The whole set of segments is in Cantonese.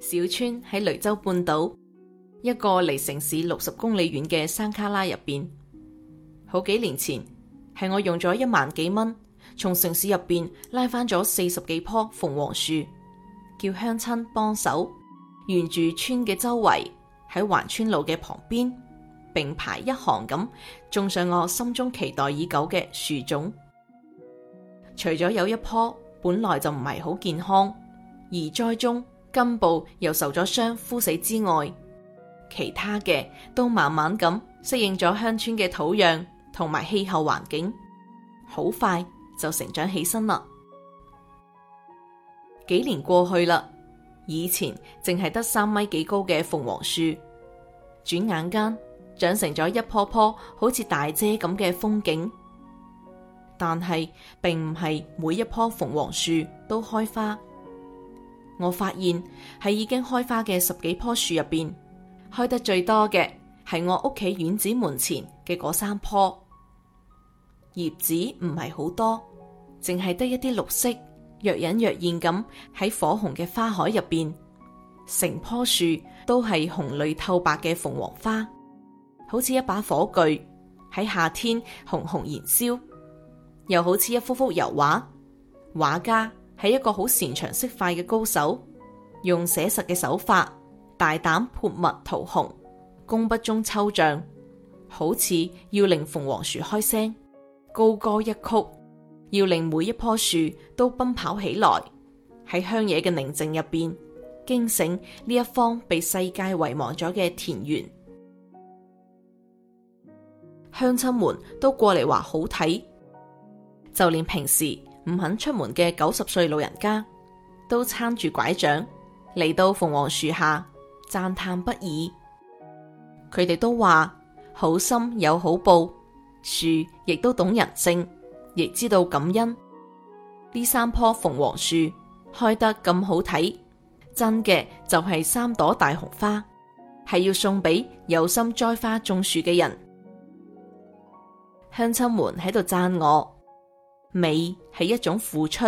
小村喺雷州半島一個離城市六十公里遠嘅山卡拉入邊。好幾年前，係我用咗一萬幾蚊從城市入邊拉返咗四十幾棵鳳凰樹，叫鄉親幫手沿住村嘅周圍。喺環村路嘅旁邊，並排一行咁種上我心中期待已久嘅樹種。除咗有一棵本來就唔係好健康，而栽中根部又受咗傷枯死之外，其他嘅都慢慢咁適應咗鄉村嘅土壤同埋氣候環境，好快就成長起身啦。幾年過去啦。以前淨係得三米幾高嘅鳳凰樹，轉眼間長成咗一棵棵好似大姐咁嘅風景。但係並唔係每一棵鳳凰樹都開花。我發現喺已經開花嘅十幾棵樹入邊，開得最多嘅係我屋企院子門前嘅嗰三棵。葉子唔係好多，淨係得一啲綠色。若隱若現咁喺火紅嘅花海入邊，成棵樹都係紅綠透白嘅鳳凰花，好似一把火炬喺夏天紅紅燃燒，又好似一幅幅油畫。畫家係一個好擅長色塊嘅高手，用寫實嘅手法大膽潑墨塗紅，工筆中抽象，好似要令鳳凰樹開聲高歌一曲。要令每一棵樹都奔跑起來，喺鄉野嘅寧靜入邊，驚醒呢一方被世界遺忘咗嘅田園。鄉親們都過嚟話好睇，就連平時唔肯出門嘅九十歲老人家，都撐住拐杖嚟到鳳凰樹下，讚嘆不已。佢哋都話：好心有好報，樹亦都懂人性。亦知道感恩。呢三棵鳳凰樹開得咁好睇，真嘅就係三朵大紅花，係要送俾有心栽花種樹嘅人。鄉親們喺度讚我，美係一種付出。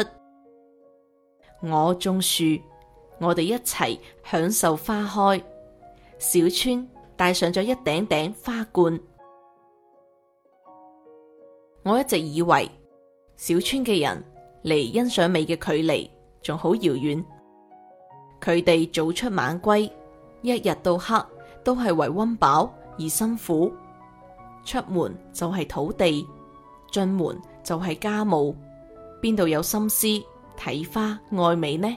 我種樹，我哋一齊享受花開。小村戴上咗一頂頂花冠。我一直以為。小村嘅人離欣賞美嘅距離仲好遙遠，佢哋早出晚歸，一日到黑都係為温飽而辛苦。出門就係土地，進門就係家務，邊度有心思睇花愛美呢？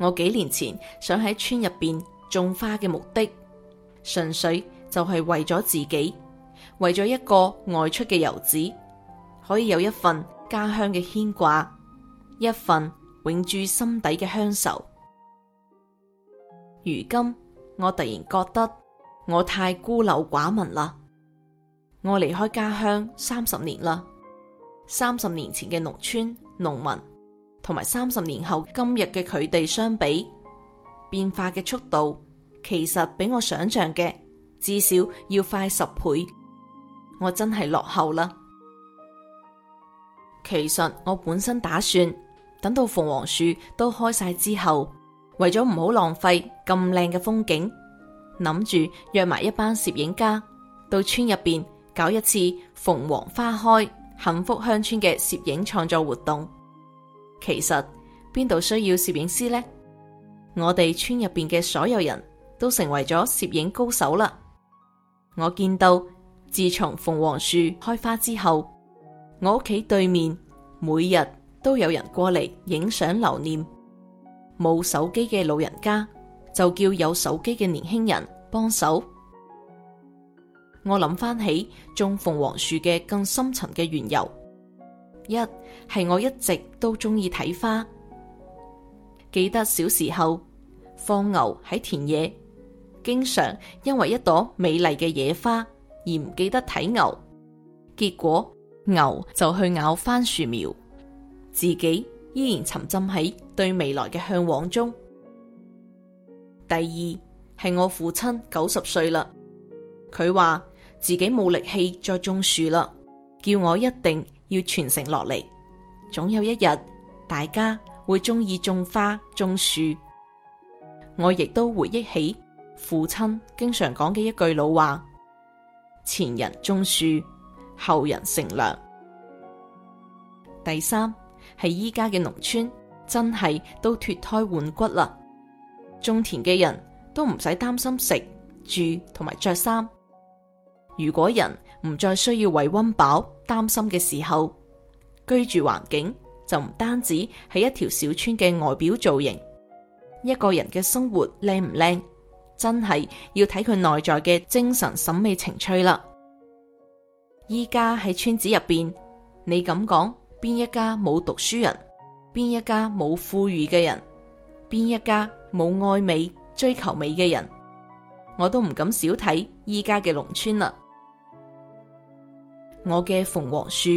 我幾年前想喺村入邊種花嘅目的，純粹就係為咗自己，為咗一個外出嘅游子。可以有一份家鄉嘅牽掛，一份永駐心底嘅鄉愁。如今我突然覺得我太孤陋寡聞啦！我離開家鄉三十年啦，三十年前嘅農村農民，同埋三十年後今日嘅佢哋相比，變化嘅速度其實比我想象嘅至少要快十倍。我真係落後啦！其實我本身打算等到鳳凰樹都開晒之後，為咗唔好浪費咁靚嘅風景，諗住約埋一班攝影家到村入邊搞一次鳳凰花開幸福鄉村嘅攝影創作活動。其實邊度需要攝影師呢？我哋村入邊嘅所有人都成為咗攝影高手啦。我見到自從鳳凰樹開花之後，我屋企對面每日都有人過嚟影相留念，冇手機嘅老人家就叫有手機嘅年輕人幫手。我諗翻起種鳳凰樹嘅更深層嘅緣由，一係我一直都鍾意睇花，記得小時候放牛喺田野，經常因為一朵美麗嘅野花而唔記得睇牛，結果。牛就去咬番薯苗，自己依然沉浸喺對未來嘅向往中。第二，係我父親九十歲啦，佢話自己冇力氣再種樹啦，叫我一定要傳承落嚟。總有一日，大家會中意種花種樹。我亦都回憶起父親經常講嘅一句老話：前人種樹。後人乘涼。第三，係依家嘅農村真係都脫胎換骨啦，種田嘅人都唔使擔心食住同埋着衫。如果人唔再需要為溫飽擔心嘅時候，居住環境就唔單止係一條小村嘅外表造型，一個人嘅生活靚唔靚，真係要睇佢內在嘅精神審美情趣啦。依家喺村子入邊，你咁講，邊一家冇讀書人，邊一家冇富裕嘅人，邊一家冇愛美追求美嘅人，我都唔敢小睇依家嘅農村啦。我嘅鳳凰樹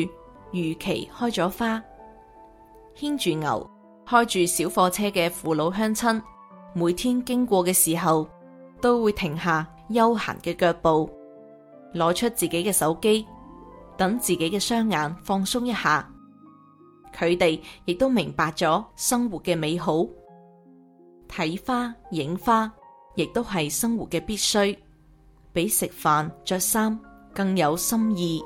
如期開咗花，牽住牛開住小貨車嘅父老鄉親，每天經過嘅時候都會停下悠閒嘅腳步，攞出自己嘅手機。等自己嘅雙眼放鬆一下，佢哋亦都明白咗生活嘅美好。睇花、影花，亦都係生活嘅必須，比食飯、着衫更有心意。